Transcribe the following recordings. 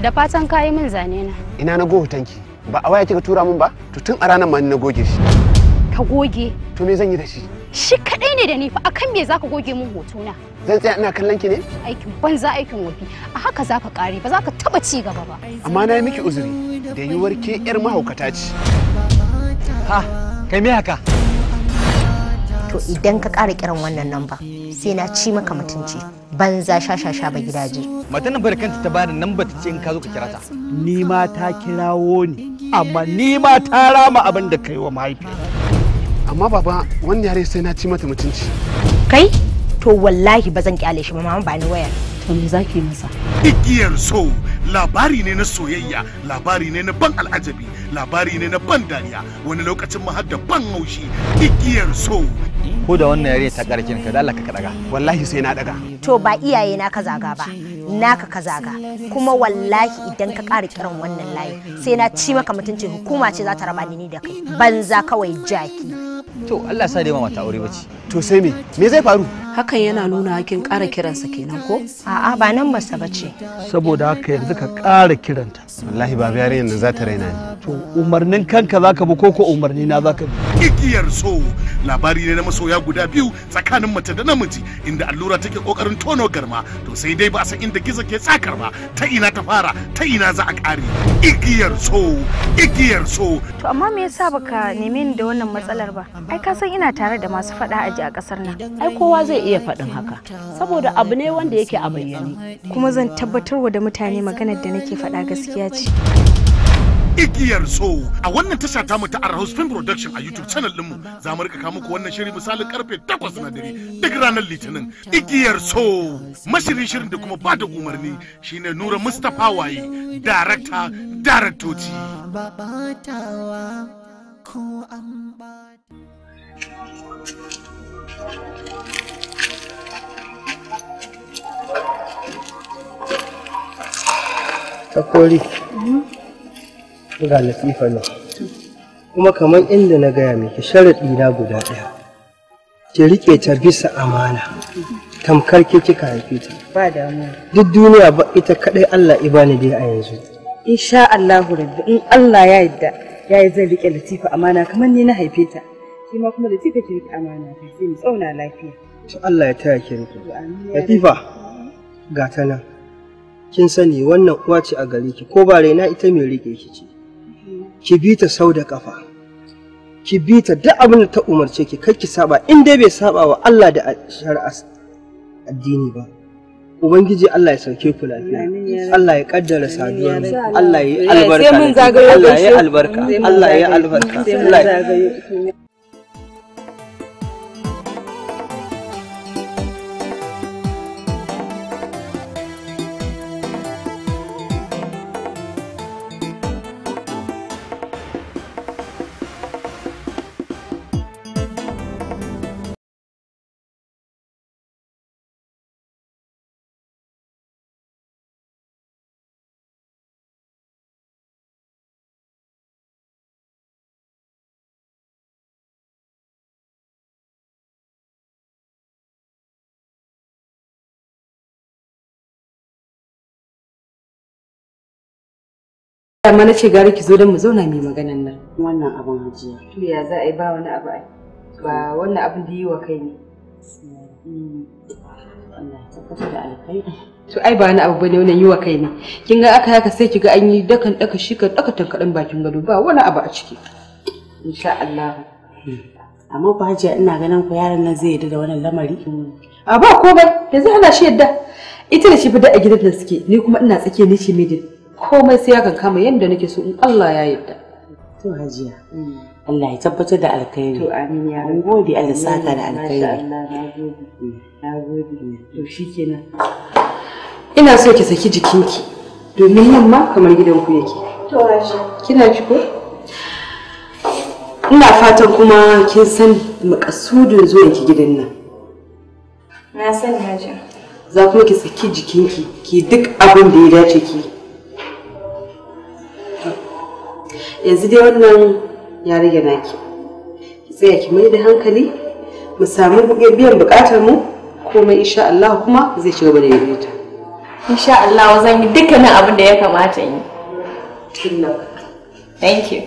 Da fatan ka yi min zane na. Ina na goge tanki. Ba a waya kika tura min ba? To tun a ranar ma ni na goge shi. Ka goge? To me zan yi da shi? Shi kadai ne da ni fa akan me zaka goge min hoto na? Zan tsaya ina kallon ki ne? Aikin banza aikin wofi A haka zaka kare ba zaka taba ci gaba ba. Amma na yi miki uzuri da yiwuwar ke yar mahaukata ce. Ha, kai me haka? To idan ka ƙara kiran wannan namba sai na ci maka mutunci. banza shashasha ba gidaje. Matan nan kanta ta bada nan ta ce in ka zo ka kira ta. Ni ma ta kirawo ni, amma ni ma ta rama abin da kai wa mahaifi. Amma baba wannan yare sai na ci mata mutunci. Kai? to wallahi ba zan kyale shi ba mama ba ni waya to me zaki masa igiyar so labari ne na soyayya labari ne na ban al'ajabi labari ne na ban dariya wani lokacin ma har da ban haushi igiyar so ko da wannan yare ta karkin ka dalla ka daga wallahi sai na daga to ba iyaye na ka zaga ba naka ka zaga kuma wallahi idan ka ƙara kiran wannan layi sai na ci maka mutuncin hukuma ce za ta raba ni da kai banza kawai jaki to Allah sa dai mata aure bace to sai me me zai faru hakan yana nuna kin ƙara kiransa kenan ko a'a ba nan masa bace saboda haka yanzu ka ƙara kiranta wallahi ba biyar yanzu za ta raina ni to umarnin kanka zaka bi ko ko umarni na zaka bi igiyar so labari ne na masoya guda biyu tsakanin mace da namiji inda allura take kokarin tono garma to sai dai ba a san inda gizo ke tsakar ba ta ina ta fara ta ina za a ƙare igiyar so igiyar so to amma me yasa baka neme ni da wannan matsalar ba ai ka ina tare da masu faɗa aji a kasar nan ai kowa zai iya faɗin haka saboda abu ne wanda yake a bayyane kuma zan tabbatar wa da mutane maganar da nake faɗa gaskiya ce igiyar so a wannan tasha ta mu ta Arhouse Film Production a YouTube channel ɗinmu za mu rika kawo muku wannan shiri misalin karfe 8 na dare duk ranar Litinin igiyar so mashirin shirin da kuma bada umarni shine Nura Mustapha Waye director daraktoci ko an ba ta kori mhm. ga latifa ne kuma kamar inda na gaya miki sharaɗi na guda ɗaya ki riƙe ta bisa amana tamkar ke kika haife ta ba damuwa duk duniya ba ita kaɗai Allah ibani dai a yanzu insha Allah rabbi in Allah ya yarda yayi zan riƙe latifa amana kamar ni na haife ta shi ma kuma da cika kake riƙe amana ta ce mu tsauna lafiya to Allah ya taya ki riƙe Latifa ga ta nan kin sani wannan uwa ce a gare ki ko ba raina ita mai riƙe ki ce ki bi ta sau da kafa ki bi ta duk abin da ta umarce ki kar ki saba in dai bai saba wa Allah da shari'ar addini ba Ubangiji Allah ya sauke ku lafiya. Allah ya kaddara saduwa. Allah ya albarka. Allah ya albarka. Allah ya albarka. Allah ya albarka. amma na ce gari ki zo don mu zauna mai maganan nan wannan abin hajiya to ya za a yi ba wani abu ba wannan abin da yi wa kai ne mm. to ai ba wani abu bane wannan yi wa kai ne kin ga aka haka sai kiga an yi dakan daka shi ka daka tankadan bakin gado ba wani abu a ciki insha Allah amma ku hajiya ina ganin ku yaran nan zai yadda da wannan lamari mm. a ba komai yanzu ana shi yadda ita da shi fi da a gidan da suke ni kuma ina tsake ni ce midin komai sai ya kankama yadda nake so in Allah ya yarda to hajiya mm. Allah ya tabbatar da alkhairi to amin ya rabu. gode Allah saka da alkhairi Allah na gode mm. mm. to shikenan ina so ki saki jikinki domin nan ma kamar gidanku yake to hajiya kina ji ko ina fatan kuma kin san makasudin zuwa ki gidan nan na san hajiya za kuma ki saki jikinki ki duk abin da ya dace ki yanzu dai wannan ya rage naki ki tsaya ki mai da hankali mu samu biyan bukatar mu komai insha Allah kuma zai ci gaba da yin ta insha Allah zan yi dukkanin abin da ya kamata yi thank you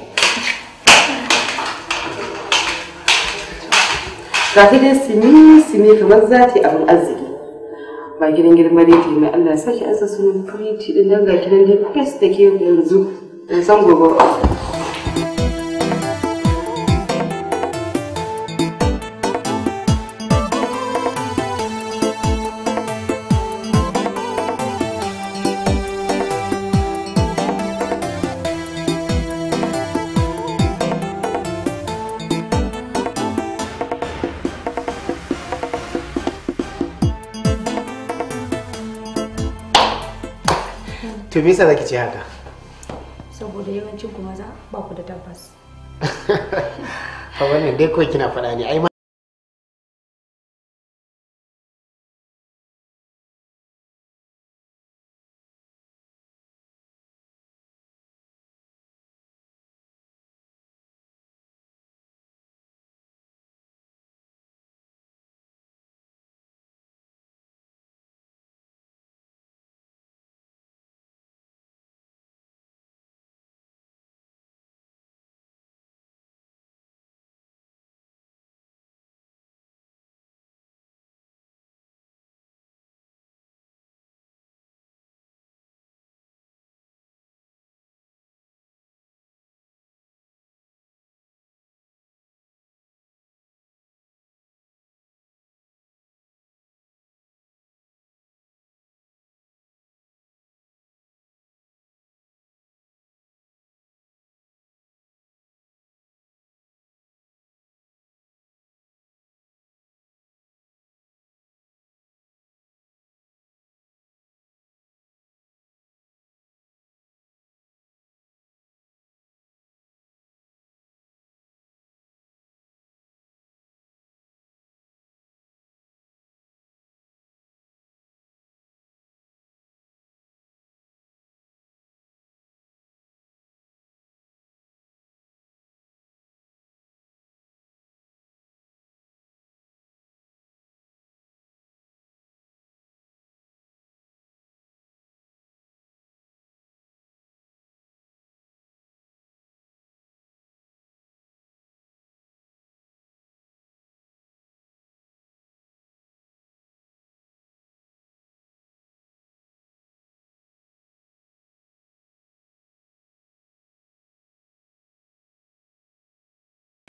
ga ta dai simi simi kamar zati abin arziki ba gidan girma dai mai Allah ya saki ansa sunan pretty din nan ga kidan dai face da ke yanzu bai eh, san gobe ba To me tabbas a wannan dai kawai kina faɗa ne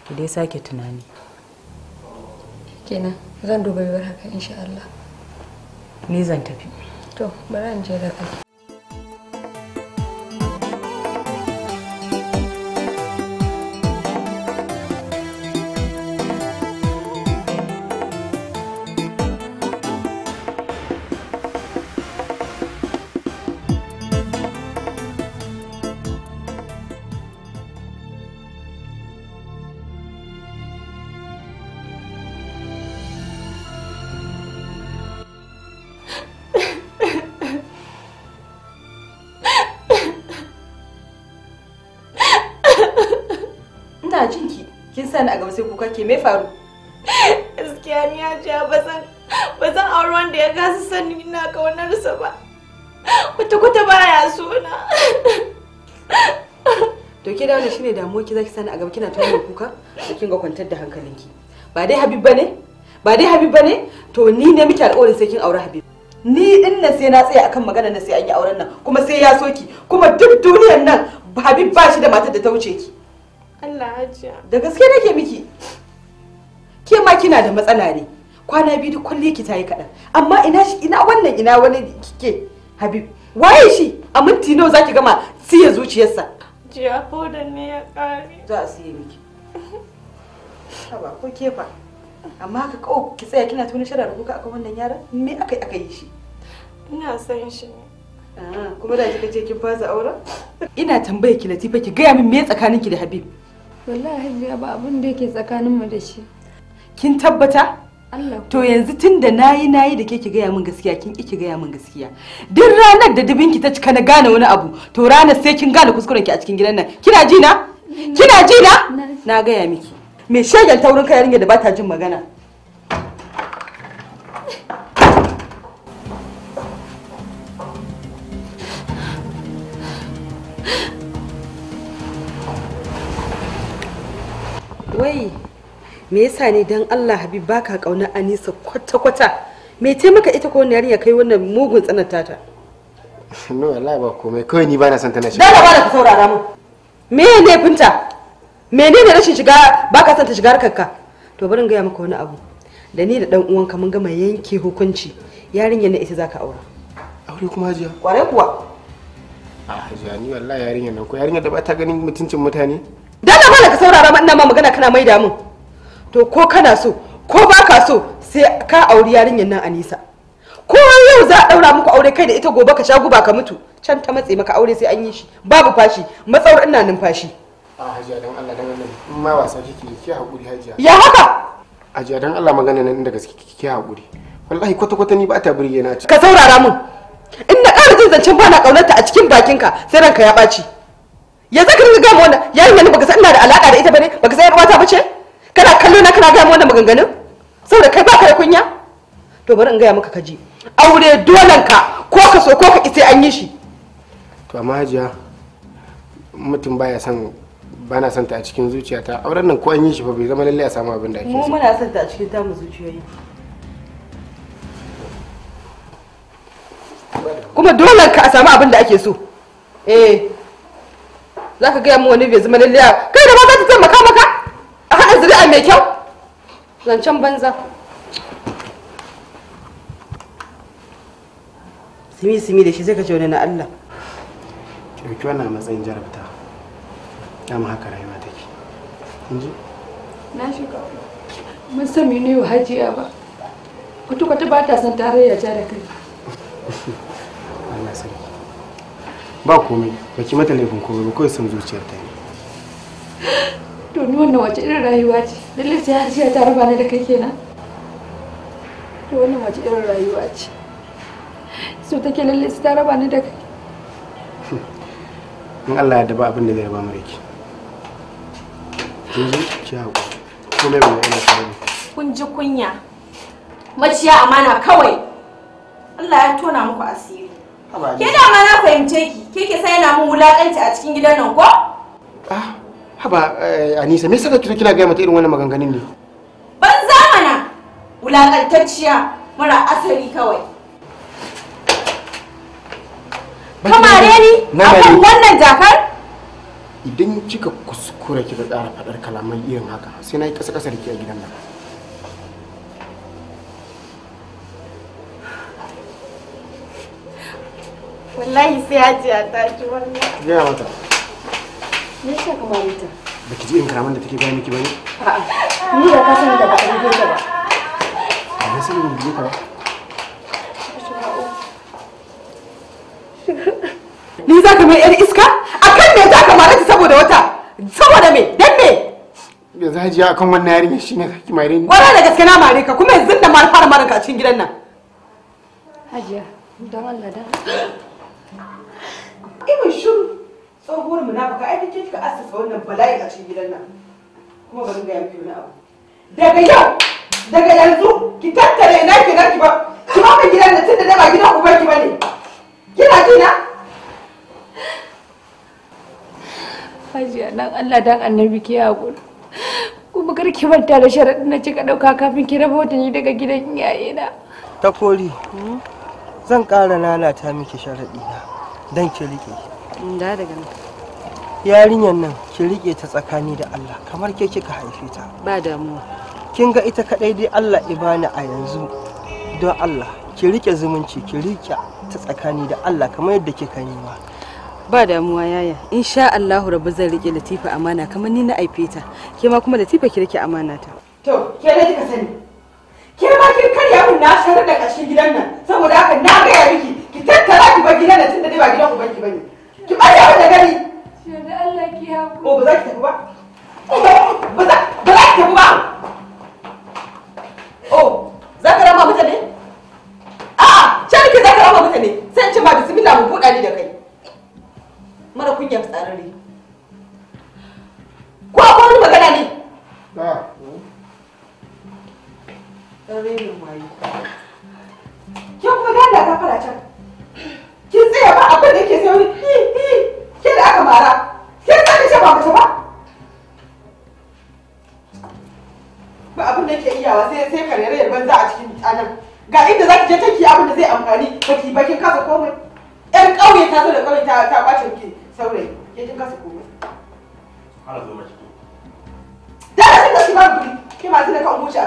ki dai sake tunani kenan zan duba yiwuwar haka insha Allah ni zan tafi to bari in je da kai kin sani a gaba sai kuka ke me faru gaskiya ni ya ja ba zan ba zan aure wanda ya gasa sani ina sa ba kwata kwata baya so na to ke dawo da shine damuwa ki zaki sani a gaba kina tawo kuka kin ga kwantar da hankalinki ba dai habib bane ba dai habib bane to ni ne miki alƙawarin sai kin aure habib ni din na sai na tsaya akan magana na sai an yi auren nan kuma sai ya soki kuma duk duniyar nan habib ba shi da matar da ta wuce ki Allah hajiya. Da gaske nake miki. Ke ma kina da matsala ne. Kwana biyu duk kulle ki tayi kaɗan. Amma ina shi ina wannan ina wani kike Habib. Waye shi? A minti nawa zaki gama siya zuciyarsa? Jiya fodan ne ya ƙare. Za a siya miki. Haba ko ke fa. Amma ka ƙau, ki tsaya kina tuni shara da kuka akan wannan yaran? Me aka yi aka yi shi? Ina son shi Ah, kuma da kika ce kin fasa auren? Ina tambaya ki Latifa ki gaya min me tsakaninki da Habib. wallahi hajiya ba abin da yake tsakaninmu da shi kin tabbata to yanzu tun da nayi nayi da ke ki gaya min gaskiya kin ki gaya min gaskiya duk ranar da dubinki ta cika na gane wani abu to ranar sai kin gane kuskuren ki a cikin gidan nan kina ji na kina ji na na gaya miki me shegen taurin kai yarinya da bata jin magana wai me yasa ne dan Allah Habib baka kauna Anisa kwata-kwata me te maka ita ko wannan ya kai wannan mugun tsananta ta no wallahi ba komai kawai ni ba na son tana shi. dala ba da ka saurara mu me ne me ne ne rashin shiga baka son ta shiga harkarka to bari in gaya maka wani abu da ni da dan uwanka mun gama yanke hukunci yarinyar na ita zaka aura aure kuma hajiya kware kuwa a ah, hajiya ni wallahi yarinyar nan ko yarinyar da ba ta ganin mutuncin mutane Dana mana ka saurara ma ina ma magana kana mai damun to ko kana so ko ba ka so sai ka auri yarinyar nan Anisa ko yau za a daura muku aure kai da ita gobe ka sha guba ka mutu can ta matse maka aure sai an yi shi babu fashi matsaurin na numfashi a hajiya dan Allah dan Allah ma wasa kike ki hakuri hajiya ya haka hajiya dan Allah magana nan inda gaske ki hakuri wallahi kwata kwata ni ba ta burge na ka saurara mun in na ƙara jin zancen ba na ƙaunarta a cikin bakinka sai ranka ya ɓaci ya zaka rinka gama wannan yarinya ne baka san ina da alaka da ita bane baka san yar uwata bace kana kallo na kana gama wannan maganganun saboda kai baka da kunya to bari in gaya maka kaji aure dolan ka ko ka so ko ka ita an yi shi to amma hajiya mutum baya son ba na son ta a cikin zuciyata auren nan ko an yi shi fa bai zama lalle a samu abin da ake so mu muna santa a cikin tamu zuciyoyi kuma dolan ka a samu abin da ake so eh za ka gaya mu wani bai zama lalle kai da ba za ta taimaka maka a haɗa zuri'a mai kyau zancen banza simi simi da shi zai kace wani na Allah kirki wannan matsayin jarabta dama haka rayuwa take inji na shiga mun sami ne wa hajiya ba kwata-kwata ba ta san tarayya ta da kai ba komai baki mata laifin komai ba kawai son zuciyar ta ne to ni wannan wace irin rayuwa ce lalle sai hajiya ta raba ni da kai kenan to wannan wace irin rayuwa ce so take lalle sai ta raba ni da kai in Allah ya daba abin da zai raba mu da ki ki haƙuri komai ba ina tare kun ji kunya maciya amana kawai Allah ya tona muku asiri Ke da ma na fahimce ki, ke ke sai yana mun wulakanci a cikin gidan nan ko? Ah, haba eh, Anisa, me saka kika kina ga mata irin wannan maganganun ne? Ban zamana wulakantacciya mara asali kawai. Kamare ni akan wannan jakar? Idan kika kuskura kika tsara faɗar kalamai irin haka, sai na yi ƙasa-ƙasa da ke a gidan nan. wallahi sai hajiya ta ki wannan. ya mata me ji irin karaman da take gaya miki a'a ni da ka da ba a yi ba ba ni za ka mai yar iska a kan me za ka mara saboda wata saboda me dan me yanzu hajiya akan wannan yarinya mare ni da gaske na mare ka kuma yanzu da gidan nan imin shiru tsohuwar munafuka ai kike kika assasa wannan bala'i a cikin gidan nan kuma bari ga yanki wani abu daga yau daga yanzu ki tattare ina ki ki ba ki ba ka gidan da tunda da ba gidan uban ki bane kina ji na Hajiya nan Allah dan annabi ki haƙuri kuma kar ki manta da sharaɗin na cika ɗauka kafin ki raba ni daga gidan iyayena. Ta zan ƙara lalata miki sharaɗina. na. dan ki rike da daga nan yarinyar nan ki rike ta tsakani da Allah kamar ke kika haife ta ba damuwa kin ga ita kadai dai Allah ibani a yanzu don Allah ki rike zumunci ki rike ta tsakani da Allah kamar yadda kika nema ba damuwa yaya insha allah rabu zan rike latifa amana kamar ni na aife ta ke ma kuma latifa ki rike amana ta to ke ne kika sani ke ma kin karya mun na sanar da kashin gidan nan saboda haka na ga ya tattara ki bar gidan nan tunda dai ba gidan ubanki bane ki bari abin da gani ko ba za ki tafi kin kasa komai ala zo ba ki to da sai ka shi ba ki ka wuce a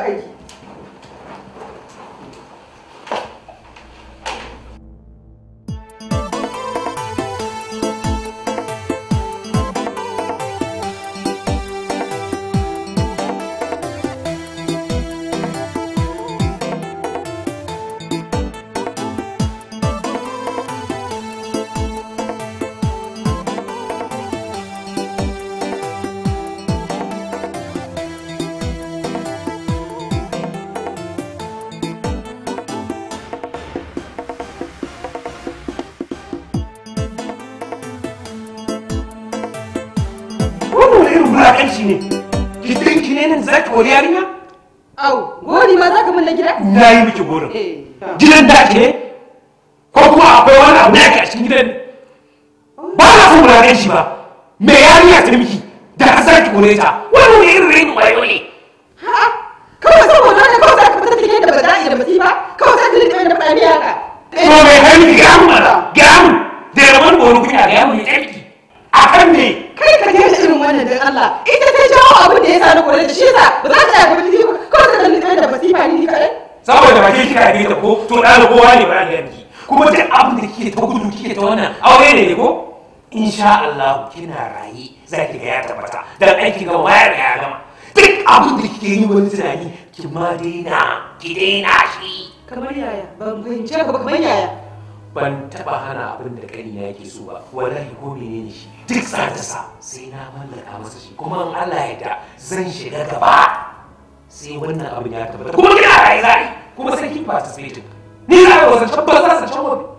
wani irin wulakanci ne ki dinki ne nan zaki wani yarinya au gori ma zaka mun na gida na yi miki gorin eh, gidan da ake ko kuma akwai wani abu da yake a cikin gidan ba na so wulakan shi ba me yarinya ta miki da ka zaki kore ta wani wani irin rain wayo ne ha kawai saboda ne kawai zaka fita cikin da ba za a yi da masifa kawai zaka rike eh. da bayani haka to me kai miki gamu mara gamu da yawan gorin kunya gamu ne a kan me kai ka kai irin wannan dan Allah ita ta jawo abin da ya sa na kore da shi yasa ba za ta yi yaga ba ko ta kalli kai da basifa ni kai saboda ba ke kika yaga ta ko to dan kowa ne ba ga ni kuma duk abin da kike ta gudu kike ta wannan aure ne ne ko insha Allah kina rayi ki ga ya tabbata dan aiki ga wayar ya gama duk abin da kike yi wani tunani ki ma daina ki daina shi kamar yaya ban fahimce ka ba kamar yaya ban taba hana abin da kani na yake so ba wallahi ko menene shi duk sa ta sa sai na mallaka masa shi kuma in Allah ya da zan shiga gaba sai wannan abin ya tabbata kuma kina rayu zai kuma sai kin participate ni na ba zan tabbata san tabbata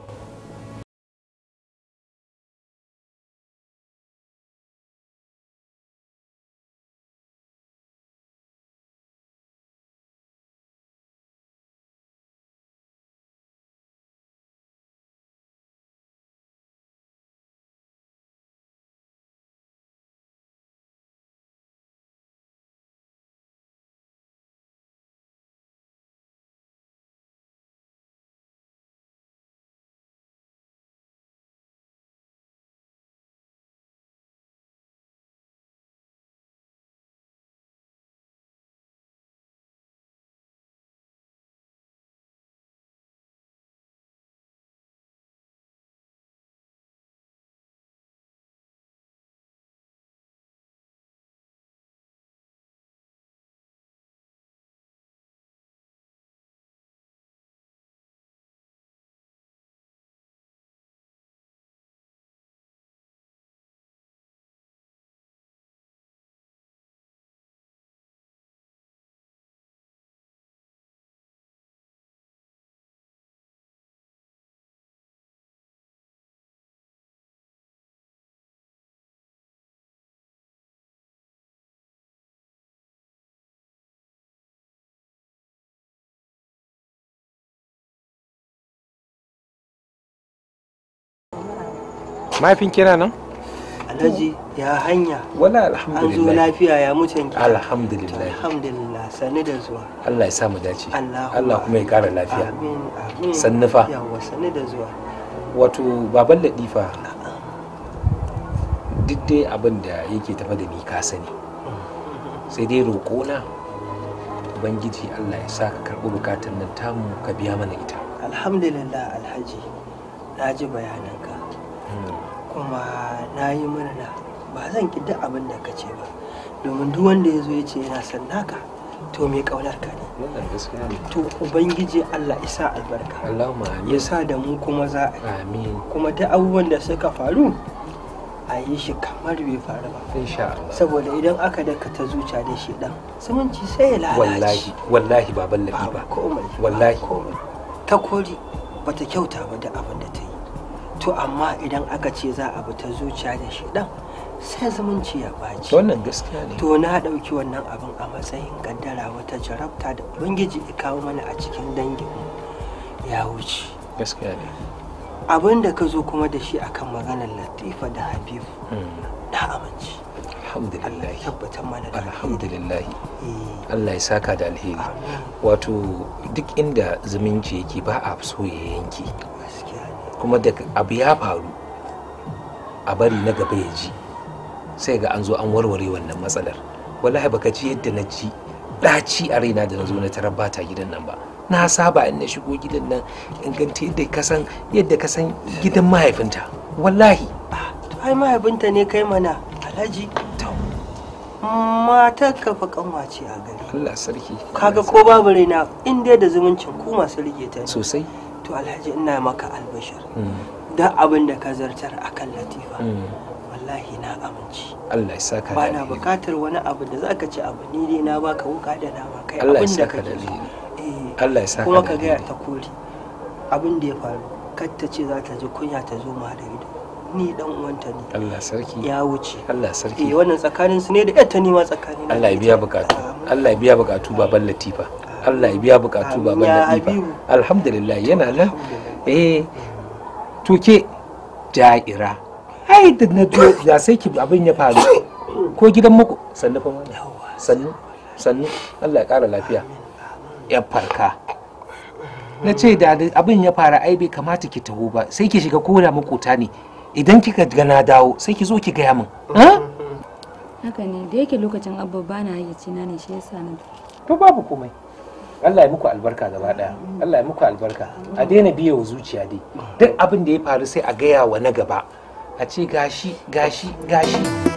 mafin kira nan alhaji ya hanya wala alhamdulillah an zo lafiya ya mutan ki alhamdulillah alhamdulillah sani da zuwa Allah ya sa mu dace Allah kuma ya kara lafiya amin amin sannufa yawa sani da zuwa wato baban ladifa duk dai abin da yake tafa da ni ka sani sai dai roƙo na ubangiji Allah ya sa ka karɓi bukatar nan tamu ka biya mana ita alhamdulillah alhaji na ji bayananka kuma na yi murna ba zan ki duk abin da ka ce ba domin duk wanda ya zo ya ce yana son naka to me kaunar ka ne to ubangiji Allah isa albarka ya sa da mu kuma za a kuma ta abubuwan da suka faru a yi shi kamar bai faru ba saboda idan aka daka ta zuciya da shi dan sumunci sai ya lalace wallahi wallahi baban nabi ba wallahi ta kori bata kyauta ba da abin da ta yi to amma idan aka ce za a bi ta zuciya da shi dan sai zumunci ya baci wannan gaskiya ne to na ɗauki wannan abin a matsayin kaddara wata jarabta da ubangiji ya kawo mana a cikin dangin ya wuce gaskiya ne abin da ka zo kuma da shi akan maganar latifa da habibu hmm. na amince alhamdulillah tabbatar mana da alhamdulillah eh. Allah ya saka da alheri wato duk inda zumunci yake ba a so ya yanke kuma da abu ya faru a bari na gaba ya ji sai ga an zo an warware wannan matsalar wallahi baka ji yadda na ji ɗaci a raina da na zo na tarabba ta gidan nan ba na saba in na shigo gidan nan inganta yadda ka san yadda ka san gidan mahaifinta wallahi to ai mahaifinta ne kai mana alhaji matar ka fa kanwace a gari Allah sarki kaga ko babu raina in dai da zumuncin ku masu rige ta sosai to alhaji ina maka albashir da abin da ka zartar akan latifa wallahi na amince Allah ya saka ba na bukatar wani abu da zaka ci abu ni dai na baka wuka da nama kai abin da kake so eh, Allah ya saka kuma ka ga ta kori abin da ya faru kar ta ce za ta ji kunya ta zo ma da ido ni dan uwanta ne Allah sarki ya wuce Allah sarki eh wannan tsakanin su ne da yarta ni ma tsakani Allah ya biya bukatu Allah ya biya bukatu baban Latifa Allah ya biya bukatu baban fa alhamdulillah yana nan eh tuke da'ira ai da na to ya sai ki abin ya faru ko gidan muku sannu fa sannu sannu Allah ya kara lafiya ya farka na ce da abin ya fara ai bai kamata ki taho ba sai ki shiga koda makota ne idan kika ga na dawo sai ki zo ki gaya min haka ne da yake lokacin abba na hayyaci na ne shi yasa na to babu komai Allah ya muku albarka gaba daya Allah ya muku albarka a daina biye wa zuciya dai duk abin da ya faru sai a gaya wa na gaba a ce gashi gashi gashi